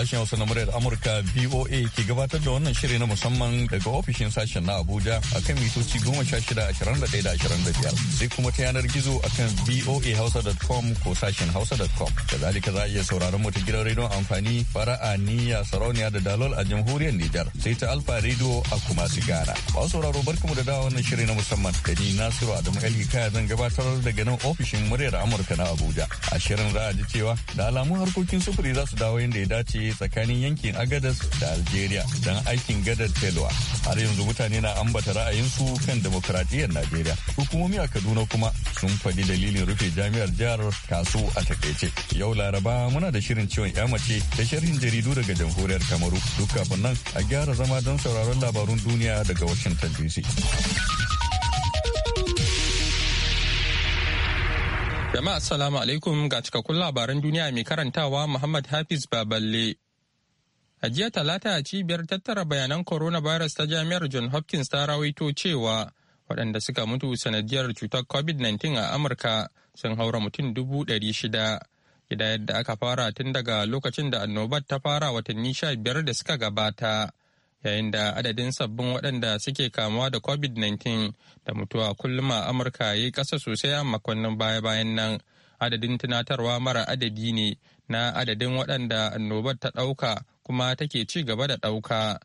Sashen Hausa na muryar Amurka BOA ke gabatar da wannan shiri na musamman daga ofishin sashen na Abuja akan mitoci goma sha shida ashirin da ɗaya da ashirin da biyar sai kuma ta yanar gizo akan voahausa.com ko sashen hausa hausa.com. Kazalika za a iya sauraron mu gidan rediyon amfani fara'a niyya sarauniya da dalol a jamhuriyar Nijar sai ta Alfa rediyo a kuma sigara. Ba sauraro barkamu da dawa wannan shiri na musamman da ni Nasiru Adamu ali Kaya zan gabatar daga nan ofishin muryar Amurka na Abuja. A shirin za a ji cewa da alamun harkokin sufuri za su dawo yadda ya dace tsakanin yankin agadas da algeria don aikin gadar telwa har yanzu mutane na ambata ra'ayinsu kan demokuraɗiyyar najeriya hukumomi a kaduna kuma sun faɗi dalilin rufe jami'ar jihar kasu a takaice yau laraba muna da shirin ciwon ya mace da sharhin jaridu daga jamhuriyar kamaru duk kafin nan a gyara zama don sauraron labarun duniya daga washington dc Jama'a assalamu alaikum ga cikakkun labaran duniya mai karantawa Muhammad Hafiz Baballe. A jiya talata a cibiyar tattara bayanan coronavirus ta jami'ar John Hopkins ta rawaito cewa waɗanda suka mutu sanadiyar cutar COVID-19 a Amurka sun haura mutum dubu ɗari shida. Gida yadda aka fara tun daga lokacin da annobar ta fara watanni sha biyar da suka gabata. yayin da adadin sabbin waɗanda suke kamuwa da covid-19 da mutuwa kullum a amurka ya yi ƙasa sosai a makonnin baya-bayan nan adadin tunatarwa mara adadi ne na adadin waɗanda annobar ta ɗauka kuma take ci gaba da ɗauka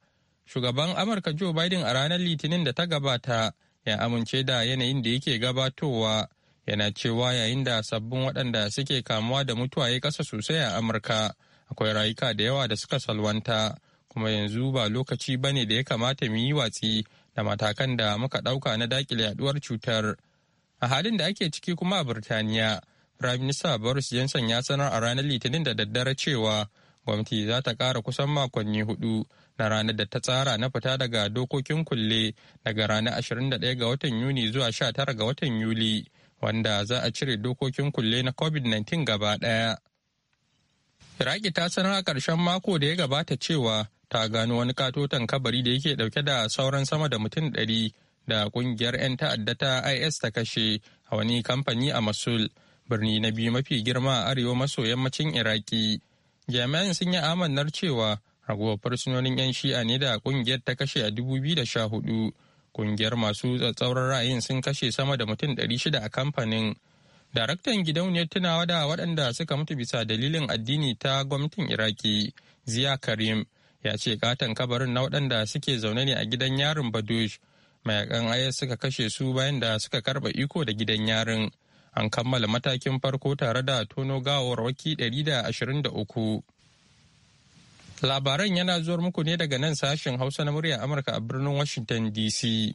shugaban amurka joe biden a ranar litinin da ta gabata ya amince da yanayin da yake gabatowa yana cewa yayin da sabbin waɗanda suke kamuwa da mutuwa ya ƙasa sosai a amurka akwai rayuka da yawa da suka salwanta kuma yanzu ba lokaci ba ne da ya kamata mu yi watsi da matakan da muka ɗauka na dakile yaduwar cutar. A halin da ake ciki kuma a Birtaniya, Prime Minister Boris Johnson ya sanar a ranar Litinin da daddare cewa gwamnati za ta ƙara kusan makonni hudu na ranar da ta tsara na fita daga dokokin kulle daga ranar 21 ga watan Yuni zuwa 19 ga watan Yuli, wanda za a cire dokokin kulle na COVID-19 gaba ɗaya. Iraki ta sanar a ƙarshen mako da ya gabata cewa ta gano wani katoton kabari da yake dauke da sauran sama da mutum ɗari da kungiyar 'yan ta'adda ta is ta kashe a wani kamfani a masul birni na biyu mafi girma a arewa maso yammacin iraki jami'an sun yi amannar cewa ragowar fursunonin 'yan shi'a ne da kungiyar ta kashe a 2014 kungiyar masu tsatsauran ra'ayin sun kashe sama da mutum shida a kamfanin daraktan gidauniyar tunawa da waɗanda suka mutu bisa dalilin addini ta gwamnatin iraki ziya karim ya ce katon kabarin na waɗanda suke zaune ne a gidan yarin mai mayakan aya suka kashe su bayan da suka karɓa iko da gidan yarin an kammala matakin farko tare da tono gawar waki 123 labaran yana zuwar muku ne daga nan sashen hausa na murya amurka a birnin washington dc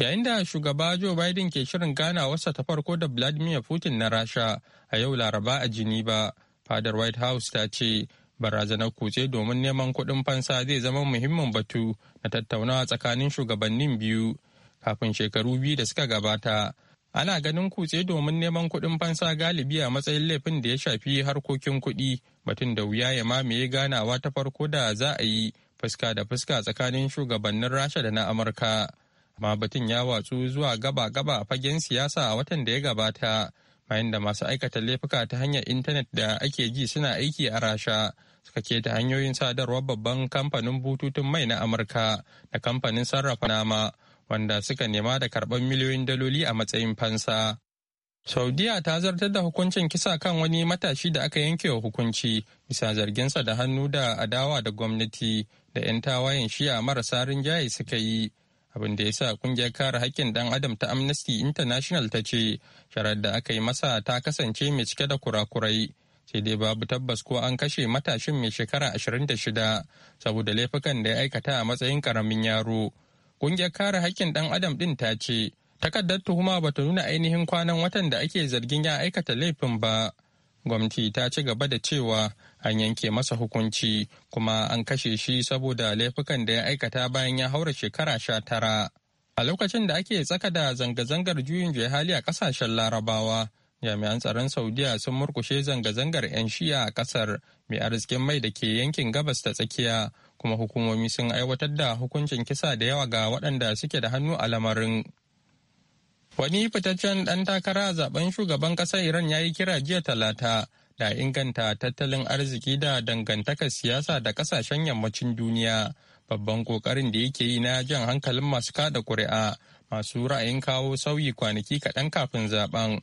yayin da shugaba joe biden ke shirin gana wasa ta farko da vladimir putin na rasha a yau laraba a geneva fadar white house ta ce barazanar kutse domin neman kuɗin fansa zai zama muhimmin batu na tattaunawa tsakanin shugabannin biyu kafin shekaru biyu da suka gabata ana ganin kutse domin neman kuɗin fansa galibi a matsayin laifin da ya shafi harkokin kuɗi batun da wuya ya mamaye ganawa ta farko da za a yi fuska da fuska tsakanin shugabannin rasha da na amurka amma batun ya watsu zuwa gaba-gaba a fagen siyasa a watan da ya gabata bayan da masu aikata laifuka ta hanyar intanet da ake ji suna aiki a rasha suka ta hanyoyin sadarwar babban kamfanin bututun mai na amurka da kamfanin sarrafa nama wanda suka nema da karɓar miliyoyin daloli a matsayin fansa saudiya ta zartar da hukuncin kisa kan wani matashi da aka yanke wa hukunci bisa zarginsa da hannu da adawa da gwamnati da 'yan tawayen shiya marasa rinjaye suka yi abin da ya sa kungiyar kare haƙƙin ɗan adam ta amnesty international ta ce sharar da aka yi masa ta kasance mai cike da kurakurai sai dai babu tabbas ko an kashe matashin mai shekara 26 saboda laifukan da ya aikata a matsayin karamin yaro kungiyar kare haƙƙin ɗan adam ɗin ta ce takardar tuhuma ta nuna ainihin kwanan watan da ake zargin ya aikata laifin ba gwamnati ta ci gaba da cewa an yanke masa hukunci kuma an kashe shi saboda laifukan da ya aikata bayan ya haura shekara sha tara. A lokacin da ake tsaka da zanga-zangar juyin hali a kasashen larabawa, jami'an tsaron Saudiya sun murkushe zanga-zangar 'yan shiya a kasar mai arzikin mai da ke yankin gabas ta tsakiya, kuma hukumomi sun aiwatar da hukuncin kisa da yawa ga waɗanda suke da hannu a lamarin. Wani fitaccen ɗan takara a zaben shugaban ƙasar Iran ya yi kira jiya talata da inganta tattalin arziki da dangantakar siyasa da kasashen yammacin duniya babban kokarin da yake yi na jan hankalin masu kada kuri'a masu ra'ayin kawo sauyi kwanaki kaɗan kafin zaben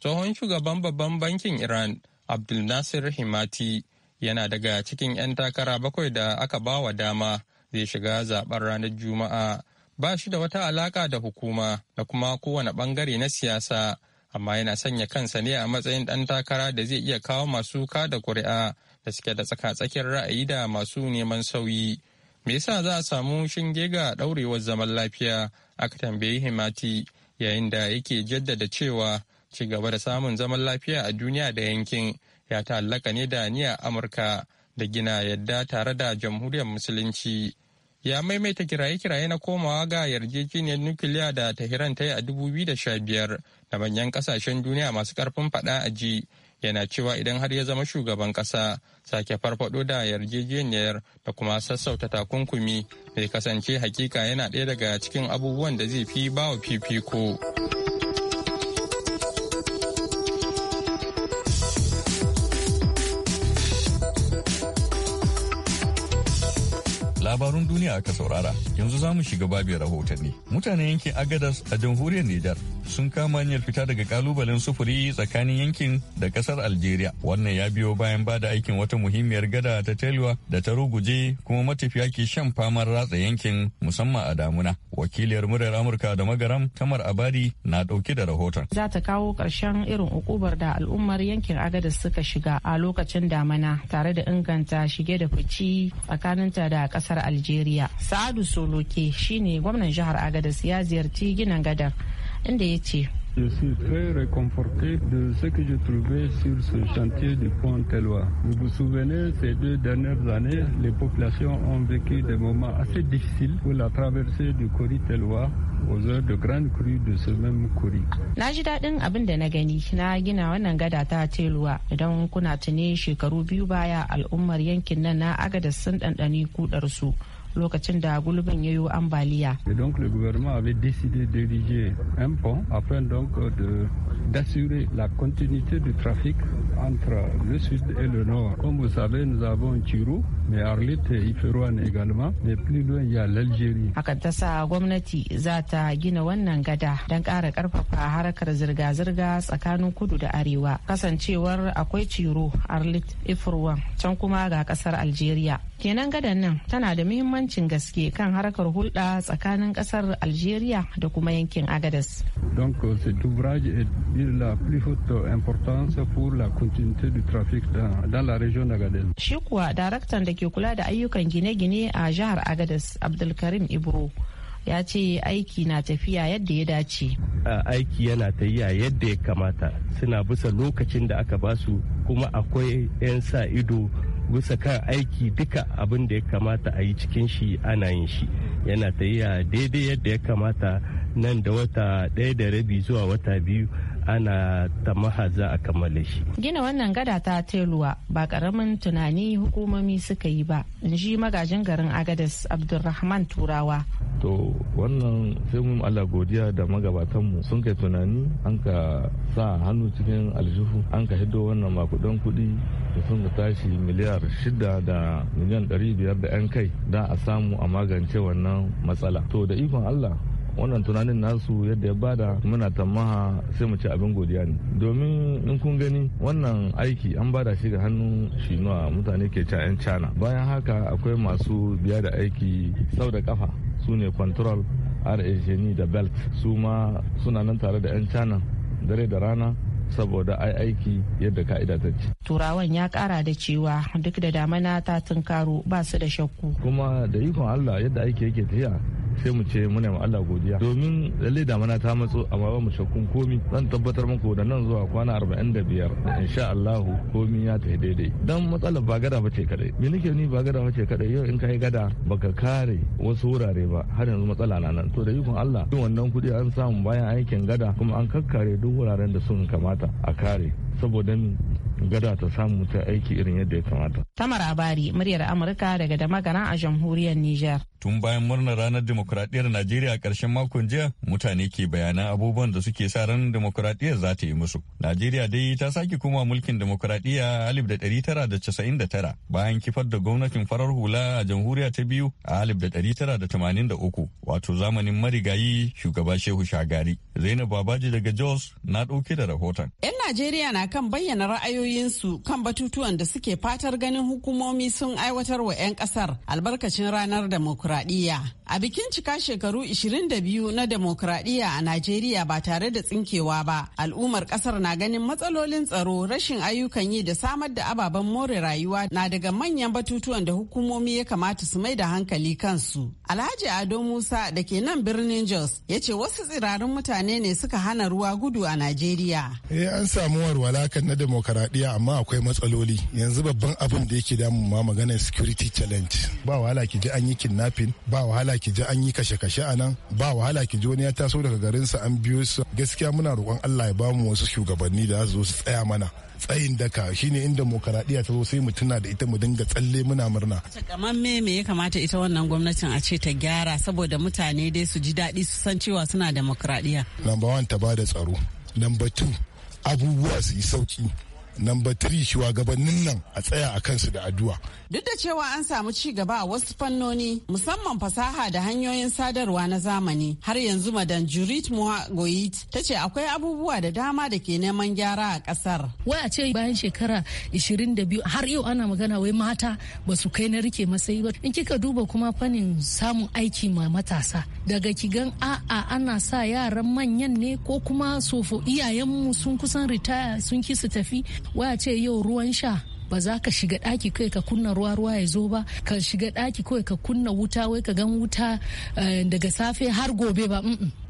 tsohon shugaban babban bankin iran abdul nasir himati yana daga cikin 'yan takara bakwai da aka ba wa dama zai shiga zaben ranar juma'a ba shi da wata alaka da hukuma da kuma kowane bangare na siyasa amma yana sanya kansa ne a matsayin ɗan takara da zai iya kawo masu kada ƙuri'a da suke da tsaka tsakin ra'ayi da masu neman sauyi. Me yasa za a samu shinge ga ɗaurewar zaman lafiya aka tambayi Himati yayin da yake jaddada cewa ci gaba da samun zaman lafiya a duniya da yankin ya ta'allaka ne da niyyar Amurka da gina yadda tare da jamhuriyar musulunci. Ya maimaita kiraye-kiraye na komawa ga yarjejeniyar nukiliya da Tahiran ta yi a 2015 da manyan kasashen duniya masu karfin fada a ji yana cewa idan har ya zama shugaban kasa sake farfado da yarjejeniyar da kuma sassauta takunkumi mai kasance hakika yana ɗaya daga cikin abubuwan da zai fi bawa fifiko. labarun duniya aka saurara yanzu za mu shiga babin rahotanni mutanen yankin agadas a jamhuriyar nijar sun kama hanyar fita daga kalubalen sufuri tsakanin yankin da kasar algeria wannan ya biyo bayan ba da aikin wata muhimmiyar gada ta telwa da ta ruguje kuma matafiya ke shan famar ratsa yankin musamman a damuna wakiliyar muryar amurka da magaram tamar abadi na dauke da rahoton za ta kawo karshen irin ukubar da al'ummar yankin agadas suka shiga a lokacin damana tare da inganta shige da fici tsakaninta da kasar algeria sa'adu soloke shine gwamnan jihar agadas ya ziyarci ginin gadar inda ya ce Je suis très réconforté de ce que j'ai trouvé sur ce chantier du pont Tellois. Vous vous souvenez, ces deux dernières années, les populations ont vécu des moments assez difficiles pour la traversée du Cori Tellois aux heures de grande crue de ce même Cori. Na ji daɗin abin da na gani na gina wannan gada ta Tellois idan kuna tuni shekaru biyu baya al'ummar yankin nan na Agadez sun ɗanɗani kudar su. Et donc le gouvernement avait décidé d'ériger un pont afin donc euh, de d'assurer la continuité du trafic entre le sud et le nord. Comme vous savez, nous avons Chirou, mais Arlit et Iferouane également, mais plus loin il y a l'Algérie. Hakan gwamnati za ta gina wannan gada don ƙara ƙarfafa harkar zirga-zirga tsakanin kudu da arewa. Kasancewar akwai Chirou, Arlit, Iferouane, can kuma ga ƙasar Algeria. Kenan gadan nan tana da muhimmancin gaske kan harkar hulɗa tsakanin ƙasar Algeria da kuma yankin Agadas. Donc euh, ouvrage dire la plus haute importance pour la continuité du trafic dans, dans la région d'Agadez. Shi kuwa daraktan da ke kula da ayyukan gine-gine a jihar Agadez Abdulkarim Ibro ya ce aiki na tafiya yadda ya dace. Aiki yana tafiya yadda ya kamata suna bisa lokacin da aka basu kuma akwai 'yan sa ido bisa kan aiki duka abin da ya kamata a yi cikin shi ana yin shi yana tafiya daidai yadda ya kamata nan da wata ɗaya da rabi zuwa wata biyu ana ta mahaza a kammala shi. Gina wannan gada ta teluwa ba karamin tunani hukumomi suka yi ba, in ji magajin garin Agadis Abdulrahman Turawa. To wannan sai mun Allah godiya da magabatanmu sun kai tunani an ka sa hannu cikin aljihu an ka hiddo wannan makudan kudi da sun tashi miliyar shida da miliyan ɗari biyar da 'yan kai da a samu a magance wannan matsala. To da ikon Allah wannan tunanin nasu yadda ya bada muna tamaha sai mu ci abin godiya ne domin in kun gani wannan aiki an bada shi ga shi shinuwa mutane ke ca 'yan cana bayan haka akwai masu biya da aiki sau da kafa su ne control rhne da belt su ma suna nan tare da 'yan cana dare da rana saboda ai aiki yadda ka'ida ta ce. Turawan ya kara da cewa duk da damana ta tunkaro ba su da shakku. Kuma da ikon Allah yadda aiki yake tafiya sai mu ce muna ma Allah godiya domin lalle mana ta matso amma ba mu shakkun komi zan tabbatar muku da nan zuwa kwana 45 insha Allah komi ya tafi daidai dan matsalar ba gada bace kadai me nake ni ba gada bace kadai yau in kai gada baka kare wasu wurare ba har yanzu matsala na nan to da ikon Allah wannan kuɗi an samu bayan aikin gada kuma an kakkare duk wuraren da sun kamata a kare saboda gada ta samu ta aiki irin yadda ya kamata. Tamar Abari, muryar Amurka daga damagana a jamhuriyar Nijar. Tun bayan murnar ranar demokuraɗiyyar Najeriya a ƙarshen makon jiya, mutane ke bayanan abubuwan da suke sa ranar demokuraɗiyyar za ta yi musu. Najeriya dai ta sake koma mulkin demokuraɗiyya a alif da da da tara casa'in tara bayan kifar da gwamnatin farar hula a jamhuriya ta biyu a alif da da da tara tamanin uku wato zamanin marigayi shugaba Shehu Shagari. Zainab Babaji daga Jos na ɗauke da rahoton. 'Yan Najeriya na kan bayyana ra'ayoyi ra'ayoyinsu kan batutuwan da suke fatar ganin hukumomi sun aiwatar wa 'yan kasar albarkacin ranar demokuraɗiyya. A bikin cika shekaru 22 na demokuraɗiyya a Najeriya ba tare da tsinkewa ba, al'ummar kasar na ganin matsalolin tsaro, rashin ayyukan yi da samar da ababen more rayuwa na daga manyan batutuwan da hukumomi ya kamata su mai da hankali kansu. Alhaji Ado Musa da ke nan birnin Jos ya ce wasu tsirarin mutane ne suka hana ruwa gudu a Najeriya. Eh an samu warwala kan na biya amma akwai matsaloli yanzu babban abin da yake damu ma magana security challenge ba wahala ki ji an yi kidnapping ba wahala ki ji an yi kashe-kashe a nan ba wahala ki ji wani ya taso daga garin garinsa an biyo su gaskiya muna roƙon Allah ya bamu wasu shugabanni da su zo su tsaya mana tsayin daka shine inda demokaradiyya ta zo sai mu tuna da ita mu dinga tsalle muna murna. Takamamme me ya kamata ita wannan gwamnatin a ce ta gyara saboda mutane dai su ji daɗi su san cewa suna demokradiya. number wan ta bada tsaro. number tu abubuwa su yi sauki. namba 3 shugabannin nan a tsaya a kansu da addu'a duk da cewa an samu ci gaba a wasu fannoni musamman fasaha da hanyoyin sadarwa na zamani har yanzu madan jurit muha goyit ta ce akwai abubuwa da dama da ke neman gyara a kasar wai a ce bayan shekara 22 har yau ana magana wai mata ba su kai na rike masai ba in kika duba kuma fannin samun aiki ma matasa daga kigan a'a ana sa yaran manyan ne ko kuma sofo iyayenmu sun kusan ritaya sun ki su tafi waya ce yau ruwan sha ba za ka shiga ɗaki kai ka kunna ruwa ruwa ya zo ba ka shiga ɗaki kawai ka kunna wuta wai ka gan wuta eh, daga safe har gobe ba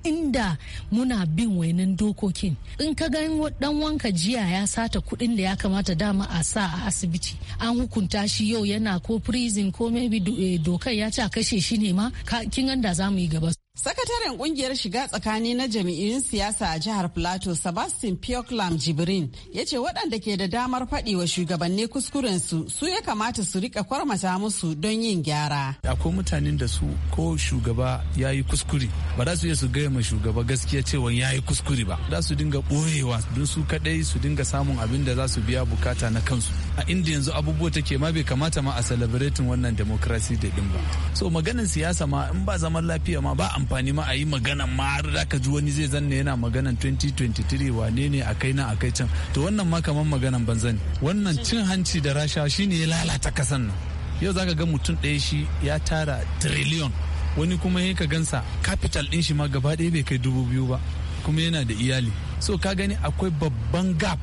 inda muna bin wainan dokokin in ka gan dan wanka jiya ya sata kuɗin da ya kamata dama a sa a asibiti an hukunta shi yau yana ko prison ko maybe eh, dokar ya ce a kashe shi ne ma kin ganda za mu yi gaba Sakataren kungiyar shiga tsakani na jami'in siyasa a jihar Plateau, Sebastian Pioklam Jibrin, ya ce waɗanda ke da damar faɗi wa shugabanni kuskurensu su ya kamata su rika kwarmata musu don yin gyara. Akwai mutanen da su ko shugaba ya yi kuskure, ba za su iya su gaya ma shugaba gaskiya cewa ya yi kuskure ba. Za su dinga ɓoyewa don su kaɗai su dinga samun abin da za su biya bukata na kansu. A inda yanzu abubuwa take ma bai kamata ma a celebrating wannan democracy da ɗin ba. So maganin siyasa ma in ba zaman lafiya ma ba amfani ma a yi magana ma har za ka ji wani zai zanna yana maganan 2023 wane ne a kai na a kai can to wannan ma kamar maganan banza zani wannan cin hanci da rasha shine ya lalata kasan nan yau za ka ga mutum ɗaya shi ya tara trillion wani kuma ya ka gansa capital ɗin shi ma gaba ɗaya bai kai dubu biyu ba kuma yana da iyali so ka gani akwai babban gap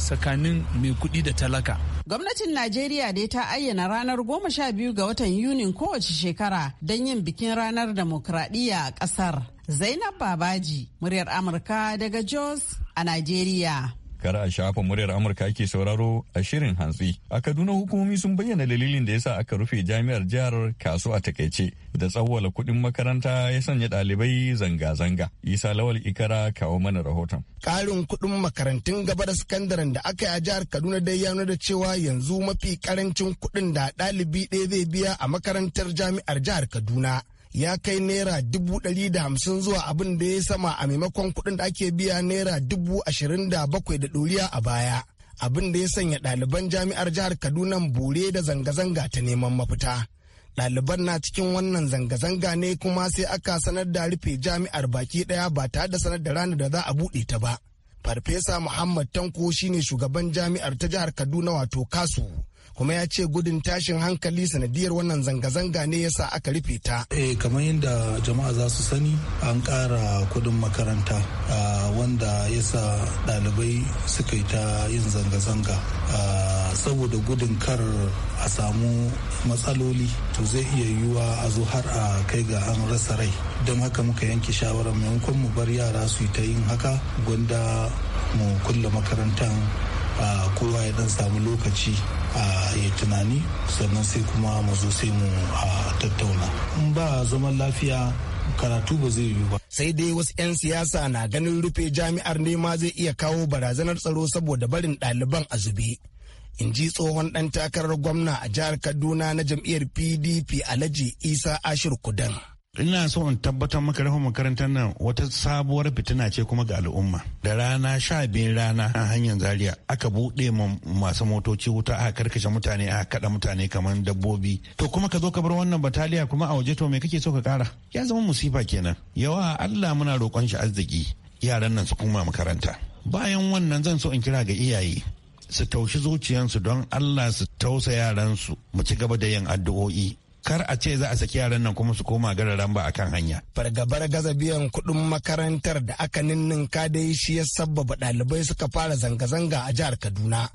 tsakanin mai kuɗi da talaka. Gwamnatin Najeriya dai ta ayyana ranar goma sha biyu ga watan Yunin kowace shekara don yin bikin ranar demokradiyya a ƙasar. Zainab Babaji, muryar Amurka daga Jos a Najeriya. kar a shafa muryar Amurka ake sauraro a shirin hantsi. A Kaduna hukumomi sun bayyana dalilin da ya sa aka rufe jami'ar jihar kasuwa a takaice da tsawwala kuɗin makaranta ya sanya ɗalibai zanga-zanga. Isa Lawal Ikara kawo mana rahoton. karin kuɗin makarantun gaba da sakandaren da aka yi a jihar Kaduna dai ya nuna da cewa yanzu mafi karancin kuɗin da ɗalibi ɗaya zai biya a makarantar jami'ar jihar Kaduna. ya kai naira dubu ɗari da hamsin zuwa abin da ya sama a maimakon kuɗin da ake biya naira dubu ashirin da bakwai da ɗuriya a baya abin da ya sanya ɗaliban jami'ar jihar kaduna bore da zanga-zanga ta neman mafita ɗaliban na cikin wannan zanga-zanga ne kuma sai aka sanar da rufe jami'ar baki ɗaya ba tare da sanar da ranar da za a buɗe ta ba Farfesa Muhammad Tanko shine shugaban jami'ar ta jihar Kaduna wato Kasu. kuma ya ce gudun tashin hankali sanadiyar wannan zanga-zanga ne yasa aka rufe ta. Eh kamar yadda jama'a za su sani an ƙara kudin makaranta ah, wanda yasa ɗalibai suka yi ta yin zanga-zanga. Ah, saboda gudun kar a samu matsaloli to zai iya yiwuwa a zo har a kai ga an rasa rai don haka muka yanke shawarar maimakon mu bar yara su ta yin haka gwanda mu kulle makarantar kowa ya dan samu lokaci a yi tunani sannan sai kuma mu zo sai mu tattauna in ba zaman lafiya karatu ba zai yiwu ba. Sai dai wasu 'yan siyasa na ganin rufe jami'ar nema zai iya kawo barazanar tsaro saboda barin ɗaliban a zube. in ji tsohon ɗan takarar gwamna a jihar kaduna na jam'iyyar pdp alhaji isa ashir kudan ina so in tabbatar maka rufe makarantar nan wata sabuwar fitina ce kuma ga al'umma da rana sha biyun rana a hanyar zaria aka buɗe masu motoci wuta aka karkashe mutane aka kaɗa mutane kamar dabbobi to kuma ka zo ka bar wannan bataliya kuma a waje to me kake so ka ƙara ya zama musifa kenan yawa allah muna roƙon shi arziki yaran nan su kuma makaranta bayan wannan zan so in kira ga iyaye su taushi zuciyansu don Allah su tausa yaransu mu ci gaba da yin addu'o'i kar a ce za a saki yaran nan kuma su koma gararan ba akan hanya. Fargabar gaza biyan kuɗin makarantar da aka ninninka dai shi ya sabbaba ɗalibai suka fara zanga-zanga a jihar Kaduna.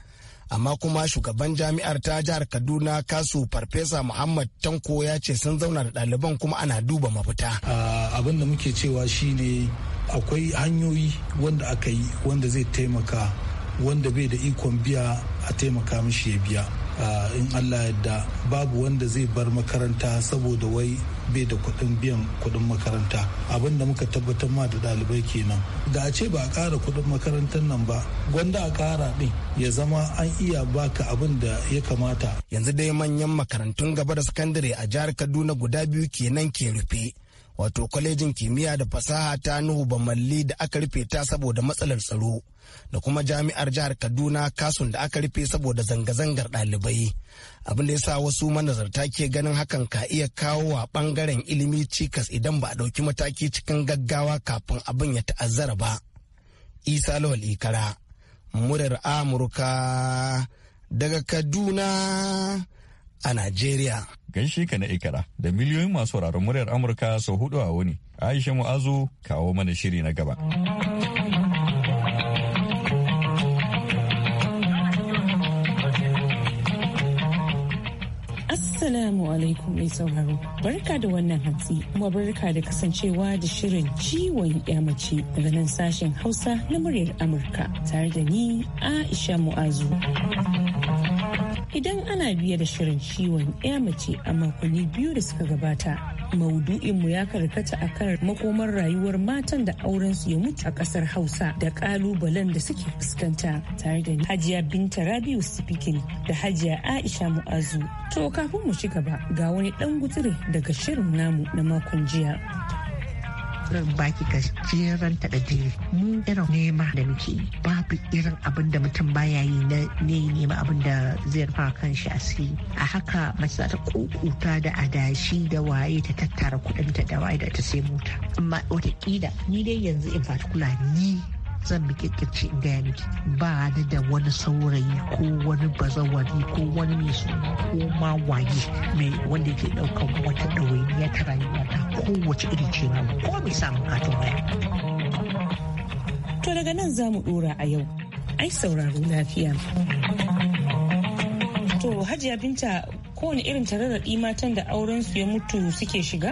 Amma kuma shugaban jami'ar ta jihar Kaduna kasu farfesa Muhammad Tanko ya ce sun zauna da ɗaliban kuma ana duba mafita. Abin da muke cewa shine akwai hanyoyi wanda aka yi wanda zai taimaka wanda bai da ikon biya a taimaka mishi ya biya in allah yadda babu wanda zai bar makaranta saboda wai bai da kuɗin biyan kuɗin makaranta abin da muka tabbatar ma da ɗalibai kenan da a ce ba a kara kuɗin makarantar nan ba gwanda a kara ɗin ya zama an iya baka abin da ya kamata yanzu dai manyan makarantun gaba da sakandare a jihar kaduna guda biyu kenan ke rufe wato kwalejin kimiyya da fasaha ta nuhu bamalli da aka rufe ta saboda matsalar tsaro da kuma jami'ar jihar kaduna kasun da aka rufe saboda zanga-zangar ɗalibai abin da ya sa wasu manazarta ke ganin hakan ka iya kawo wa ɓangaren ilimi cikas idan ba a ɗauki mataki cikin gaggawa kafin abin ya ta'azzara ba isa lawal ikara murar amurka daga kaduna a Najeriya. Gaishe ka na ikara da miliyoyin masu sauraron muryar Amurka sau hudu a wuni. Aisha Mu'azu kawo mana shiri na gaba. Assalamu alaikum mai sauraro. Barka da wannan hantsi kuma barka da kasancewa da shirin ciwon mace daga nan sashen Hausa na muryar Amurka tare da ni Aisha Mu'azu. idan ana biya da shirin ciwon ya mace a makonni biyu da suka gabata maudu'inmu ya karkata a kan makomar rayuwar matan da aurensu ya mutu a kasar hausa da kalubalen da suke fuskanta tare da hajiya binta rabiu sifikin da hajiya aisha mu'azu to kafin mu shiga ba ga wani dan gutsire daga shirin namu na makon jiya zan baki ka jeran ta da jini mu irin nema da muke babu irin abin da mutum baya yi na ne nema abin da zai rufa kan asiri a haka mace ta kokuta da adashi da waye ta tattara kuɗin ta da waye da ta sai mota amma wataƙila ni dai yanzu in particular ni zan bi kirkirci in gaya miki ba ni da wani saurayi ko wani bazawari ko wani mai suna ko ma waye mai wanda ke daukan wata ɗawainiya ta rayuwa ta kowace iri ce na ko mai samun katon waya. To daga nan za mu ɗora a yau. Ai sauraro lafiya. To Hajiya Binta kowane irin da matan da auren su ya mutu suke shiga?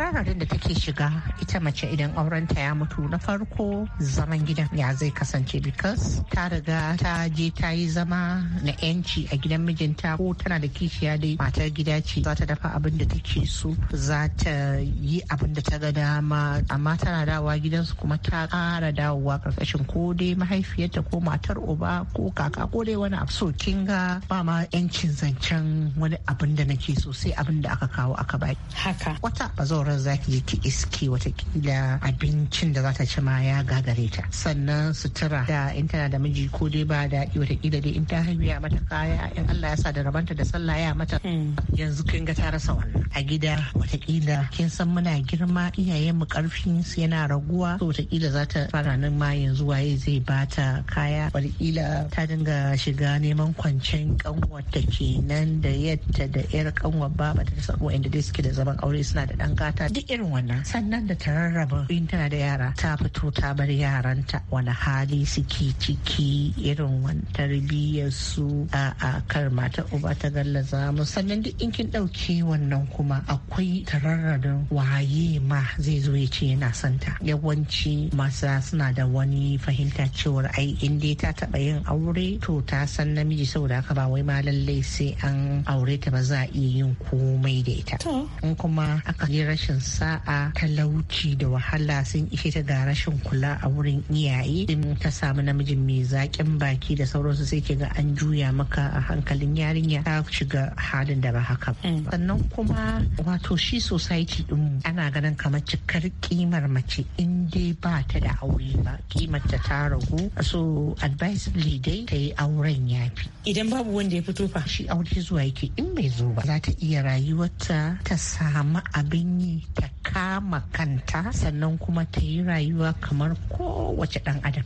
Hararar da take shiga ita mace idan aurenta ya mutu na farko zaman gidan ya zai kasance because ta riga ta je ta yi zama na 'yanci a gidan mijinta ko tana da kishiya dai matar gida ce za ta dafa abin da take so za ta yi abin da ta ga dama amma tana dawowa gidansu kuma ta kara dawowa karkashin ko dai mahaifiyarta ko matar uba ko kaka ko dai wani abu so kin ba ma 'yancin zancen wani abin da nake so sai abin da aka kawo aka bai haka wata bazawar madarar za ki yi ta iske watakila abincin da za ta ci ma ya gagare ta sannan sutura da in tana da miji ko dai ba daɗi watakila dai in ta haihu ya mata kaya in Allah ya sa da rabanta da sallah ya mata hmm. yanzu kin ga ta rasa wannan a gida watakila kin san muna girma iyayen mu karfin su yana raguwa to watakila za ta fara nan ma yanzu waye zai bata kaya watakila ta dinga shiga neman kwancen kanwarta kenan da yadda da yar kanwar baba da inda dai suke da zaman aure suna da dan gata ta duk irin wannan sannan da ta rarraba in tana da yara ta fito ta bar yaranta wani hali suke ciki irin wani tarbiyyar su a a kar mata uba ta gallaza mu sannan duk in kin dauke wannan kuma akwai tararradin waye ma zai zo ya ce yana santa yawanci masa suna da wani fahimta cewar ai in dai ta taba yin aure to ta san namiji saboda haka ba wai ma lallai sai an aure ta ba za a iya yin komai da ita in kuma aka yi rashin sa'a talauci da wahala sun ishe ta ga rashin kula a wurin iyaye in ta samu namiji mai zaƙin baki da sauransu sai ke ga an juya maka a hankalin yarinya ta shiga halin da ba haka mm. sannan kuma wato shi society din ana ganin kamar cikar kimar mace in dai ba ta da aure ba kimar ta ta ragu so advisedly dai ta yi auren yafi idan babu wanda ya fito fa shi aure zuwa yake in bai zo ba za ta iya rayuwarta ta samu abin yi ta kama kanta sannan kuma ta yi rayuwa kamar kowace dan adam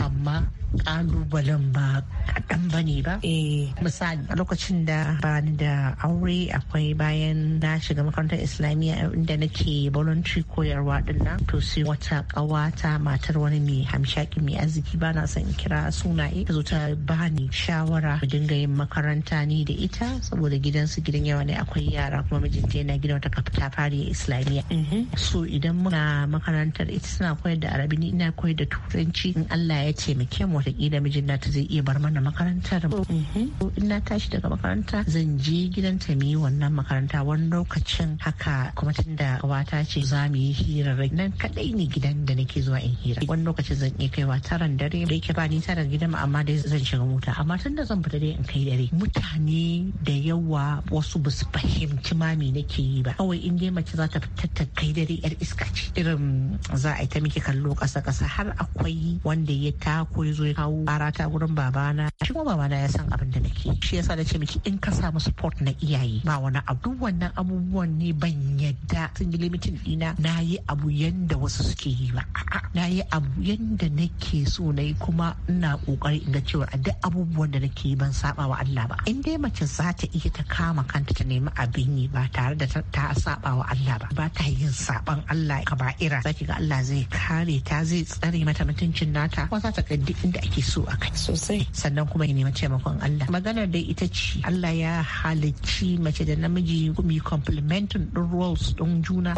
amma kalubalen ba kaɗan ba ne ba eh. misali a lokacin da ba ni da aure akwai bayan na shiga makarantar islamiyya inda nake voluntary koyarwa din nan to sai wata ƙawata matar wani mai hamshaki mai arziki ba na son kira sunaye ta zo ta ba ni shawara mu dinga yin makaranta ni da ita saboda gidansu gidan yawa ne akwai yara kuma mijinta yana gina wata ta fari islamiyya mhm. so idan muna makarantar ita suna koyar da arabi ina koyar da turanci in Allah ya taimake muke mu wata mijin ta zai iya bar mana makarantar mhm. in na tashi daga makaranta zan je gidan ta mu wannan makaranta wani lokacin haka kuma tun da ce za mu yi hirarraki nan kadai ne gidan da nake zuwa in hira wani lokacin zan iya kaiwa taran dare da yake ba ni tara gidan amma dai zan shiga mota amma tun da zan fita dai in kai dare mutane da yawa wasu ba su fahimci ma me nake yi ba kawai in dai mace za za ta tattakai dare yar iska ce irin za a yi ta miki kallo ƙasa ƙasa har akwai wanda ya tako ya zo ya kawo barata gurin babana shi kuma babana ya san abin da nake shi yasa na ce miki in ka samu support na iyaye ba wani abu wannan abubuwan ne ban yadda sun yi limitin dina na yi abu yanda wasu suke yi ba na yi abu yanda nake so na yi kuma ina kokari in ga cewa a duk abubuwan da nake yi ban saba wa Allah ba in dai mace za ta iya ta kama kanta ta nemi abin yi ba tare da ta saba wa Allah ba ta yin saban Allah ba ira zaki ga Allah zai kare ta zai tsare mata mutuncin nata kuma za ta ga inda ake so a kai sosai sannan kuma ya nemi taimakon Allah magana dai ita ce Allah ya halicci mace da namiji gumi complementin din roles din juna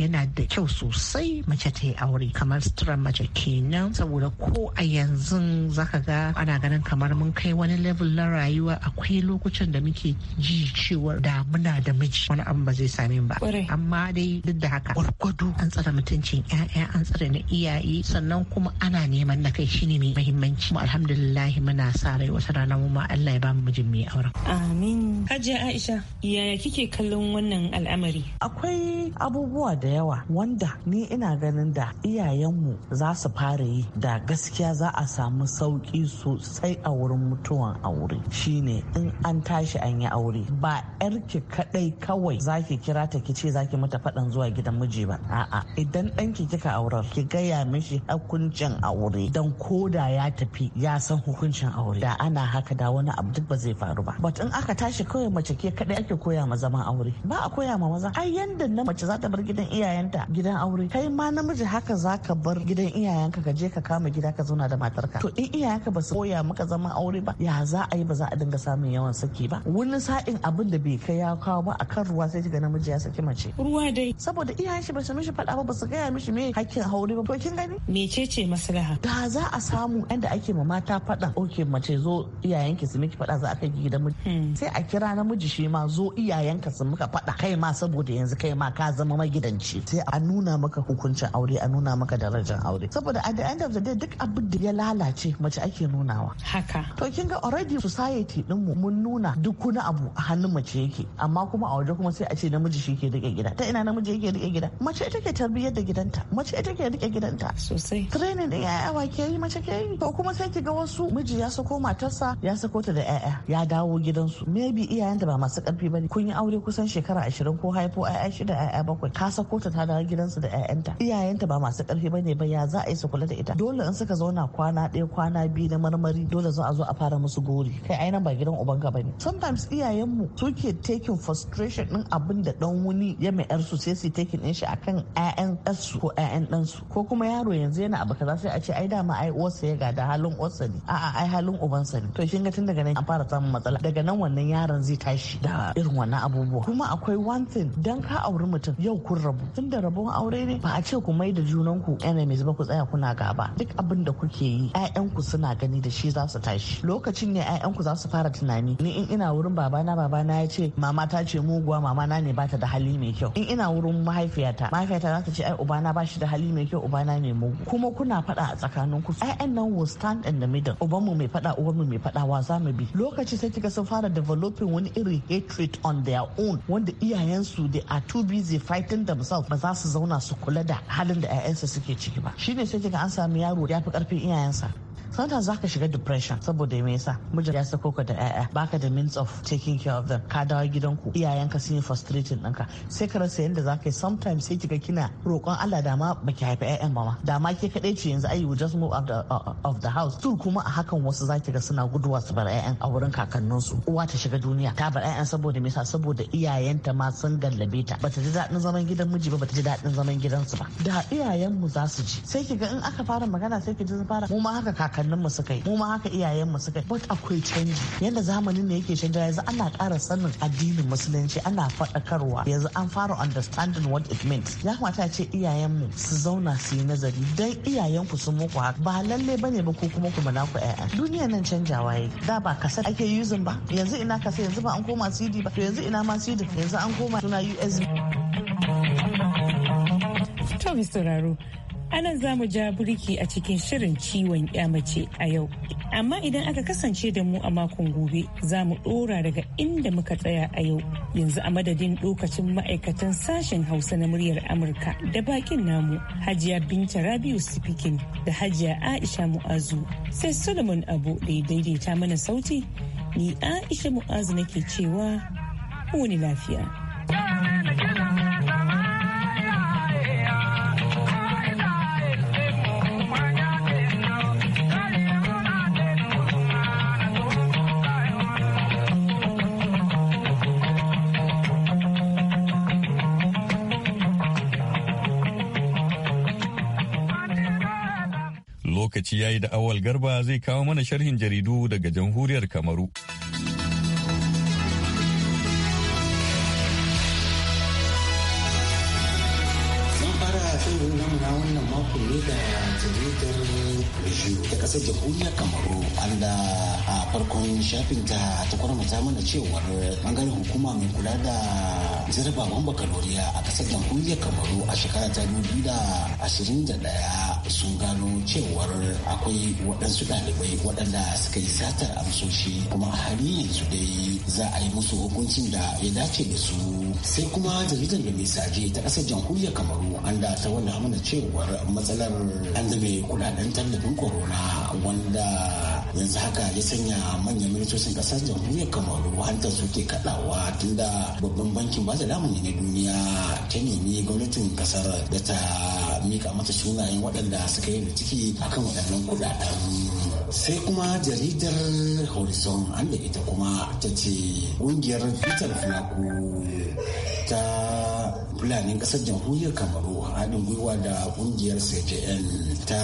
yana da kyau sosai mace ta yi aure kamar sutura mace kenan saboda ko a yanzu zaka ga ana ganin kamar mun kai wani level na rayuwa akwai lokacin da muke ji cewa da muna da miji wani abu ba zai same ba amma amma dai duk da haka gwargwado an tsare mutuncin 'ya'ya an tsare na iyaye sannan kuma ana neman na kai shine mai muhimmanci mu alhamdulillah muna sa rai wata rana mu ma Allah ya ba mu mijin mai auren amin hajiya aisha yaya kike kallon wannan al'amari akwai abubuwa da yawa wanda ni ina ganin da iyayenmu za su fara yi da gaskiya za a samu sauki sosai a wurin mutuwan aure shine in an tashi an yi aure ba 'yarki kaɗai kawai zaki kira ta kice zaki mata faɗan zuwa gidan miji ba a'a idan ɗanki kika aurar ki gaya mishi hukuncin aure dan koda ya tafi ya san hukuncin aure da ana haka da wani abu duk ba zai faru ba but in aka tashi kawai mace ke kadai ake koya ma zaman aure ba a koya ma maza ai yanda na mace za ta bar gidan iyayenta gidan aure kai ma namiji haka za ka bar gidan iyayenka ka je ka kama gida ka zauna da matarka to in iyayenka ba su koya maka zaman aure ba ya za a yi ba za a dinga samun yawan saki ba wani sa'in abin da bai kai ya kawo ba akan ruwa sai ga namiji ya saki mace kowa dai saboda iyayen shi ba su mishi faɗa ba ba su gaya mishi me hakkin haure ba to kin gani ce maslaha da za a samu yanda ake ma mata faɗa oke mace zo ki su miki faɗa za a kai gida miji hmm. sai a kira namiji shi ma zo iyayenka su muka faɗa kai ma saboda yanzu kai ma ka zama magidanci sai a nuna maka hukuncin aure a nuna maka darajar aure saboda a the end of duk abin da ya lalace mace ake nunawa haka to kin ga already society ɗinmu mu mun nuna duk wani abu a hannun mace yake amma kuma a waje kuma sai a ce namiji shi ke rike gida ta ina namiji yake rike gida mace ita ke tarbiyyar da gidanta mace ita rike gidanta sosai training din yaya wa ke yi mace ke yi ko kuma sai ki ga wasu miji ya sako matarsa ya sako ta da yaya ya dawo gidansu maybe iyayen da ba masu karfi bane kun yi aure kusan shekara ashirin ko haifo yaya shida yaya bakwai ka sako ta ta dawo gidansu da yayanta iyayenta ba masu karfi bane ba ya za a yi su kula da ita dole in suka zauna kwana ɗaya kwana biyu na marmari dole za a zo a fara musu gori kai nan ba gidan ubanka bane sometimes iyayenmu suke taking frustration din abin da dan wuni ya da yarsu sai su take ɗin shi akan ƴaƴan yarsu ko ƴaƴan ɗansu ko kuma yaro yanzu yana abu kaza sai a ce ai dama ai uwarsa ya gada halin uwarsa ne a'a ai halin ubansa ne to kin ga tun daga nan an fara samun matsala daga nan wannan yaron zai tashi da irin wannan abubuwa kuma akwai one thing dan ka auri mutum yau kun rabu tun da rabon aure ne ba a ce ku mai da junanku enemies ba ku tsaya kuna gaba duk abin da kuke yi ƴaƴanku suna gani da shi za su tashi lokacin ne ƴaƴanku za su fara tunani ni in ina wurin babana babana ya ce mama ta ce muguwa mama na ne bata da hali mai kyau in ina wurin mahaifiyata mahaifiyata za ta ce ai ubana ba shi da hali mai kyau ubana mai mugu kuma kuna faɗa a tsakanin ku ai nan will stand in the middle ubanmu mai faɗa ubanmu mai faɗa wa za mu bi lokaci sai kika sun fara developing wani irin hatred on their own wanda iyayensu they are too busy fighting themselves ba za su zauna su kula da halin da 'ya'yansa suke ciki ba shine sai kika an samu yaro ya fi karfin iyayensa sometimes zaka shiga depression saboda me yasa mijin ya sako ka da yaya baka da means of taking care of them ka dawo gidanku iyayenka sun yi frustrating ɗinka sai ka rasa yadda zaka yi sometimes sai kiga kina roƙon Allah da ma baki haifi yayan ba ma da ma ke kaɗai ce yanzu ayi just move out uh, of the house tur kuma a hakan wasu zaki ga suna guduwa su bar yayan a wurin kakanninsu uwa ta shiga duniya ta bar yayan saboda me yasa saboda iyayenta ma sun gallabe ta bata ji daɗin zaman gidan miji ba bata ji daɗin zaman gidansu ba da iyayenmu za su ji sai kiga in aka fara magana sai ki ji fara mu ma haka kakan kakanninmu suka yi mu ma haka iyayenmu suka yi but akwai canji yadda zamanin ne yake canja yanzu ana ƙara sanin addinin musulunci ana faɗakarwa yanzu an fara understanding what it means ya kamata ce iyayenmu su zauna su yi nazari dan iyayenku sun muku haka ba lalle bane ba ko kuma ku mana ku ƴaƴa duniya nan canjawa yake da ba kasa ake using ba yanzu ina kasa yanzu ba an koma CD ba to yanzu ina ma CD yanzu an koma suna USB to sauraro anan za mu ja birki a cikin shirin ciwon mace a yau amma idan aka kasance da mu a makon gobe za mu dora daga inda muka tsaya a yau yanzu a madadin lokacin ma'aikatan sashen hausa na muryar amurka da bakin namu hajiya binta rabiu sifikin da hajiya aisha mu'azu sai solomon abu da ya daidaita mana sauti ni aisha mu'azu nake cewa wani lafiya. lokaci da awal garba zai kawo mana sharhin jaridu daga jamhuriyar kamaru wannan mako ne da jaridar ta kasar jamhuriyar Kamaru anda a farkon shafin ta ta kwarmata mana cewar bangaren hukuma mai kula da jarabawan bakaloriya a kasar jamhuriyar kamaru a shekara ta ɗaya sun gano cewar akwai waɗansu ɗalibai waɗanda suka yi satar amsoshi kuma a hali yanzu dai za a yi musu hukuncin da ya dace da su sai kuma jaridar da misaje ta ƙasar jamhuriyar kamaru an da ta wanda mana cewar matsalar an zame kudaden tallafin corona wanda yanzu haka ya sanya manyan ministocin kasar jamhuriyar kamaru hantar su ke tun tunda babban bankin baza lamuni na duniya ta nemi gwamnatin kasar da ta mika mata sunayen waɗanda suka yi da ciki kan waɗannan kuɗaɗen sai kuma jaridar horizon an da ita kuma ta ce ƙungiyar fitar fulaku ta fulanin ƙasar jamhuriyar kamaru haɗin gwiwa da ƙungiyar cpn ta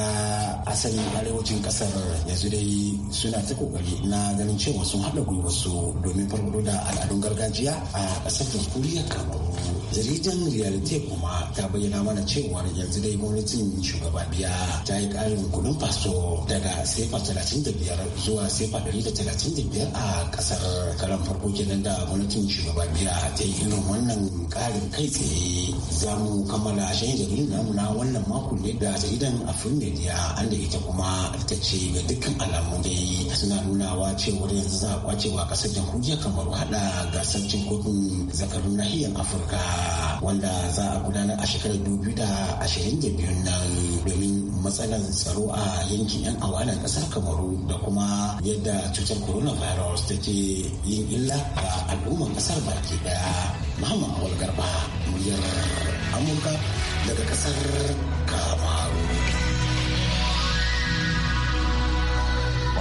asalin arewacin kasar yanzu dai suna ta kokari na ganin cewa sun haɗa gwiwa su domin farfado da al'adun gargajiya a kasar jamhuriyar kamaru Jaridan realite kuma ta bayyana mana cewa yanzu dai gwamnatin shugaba biya ta yi ƙarin kuɗin faso daga sefa talatin da biyar zuwa sefa ɗari da talatin da biyar a kasar karan farko kenan da gwamnatin shugaba biya ta yi irin wannan ƙarin kai tsaye za mu kammala shan jaridan namu na wannan makon ne da jaridan afirka murniya an da ita kuma ita ce ga dukkan alamu dai suna nunawa cewa yanzu za a wa kasar jamhuriyar kamaru hada gasar cin kofin zakarun nahiyar afirka wanda za a gudanar a shekarar dubu da ashirin da biyu nan domin matsalar tsaro a yankin 'yan awanan kasar kamaru da kuma yadda cutar coronavirus take yin illa ga al'umman kasar baki daya muhammad awal garba muryar amurka daga kasar kamaru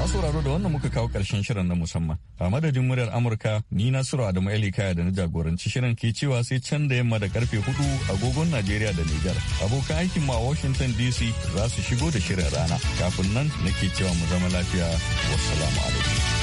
sauraro da wannan muka kawo ƙarshen shirin na musamman. A madadin muryar Amurka, ni Nasiru Adamu elikaya da na jagoranci shirin ke cewa sai can da yamma da karfe hudu agogon Najeriya da Nijar. Abokan aikin ma Washington DC za su shigo da shirin rana. Kafin nan nake cewa mu zama lafiya. Wassalamu alaikum.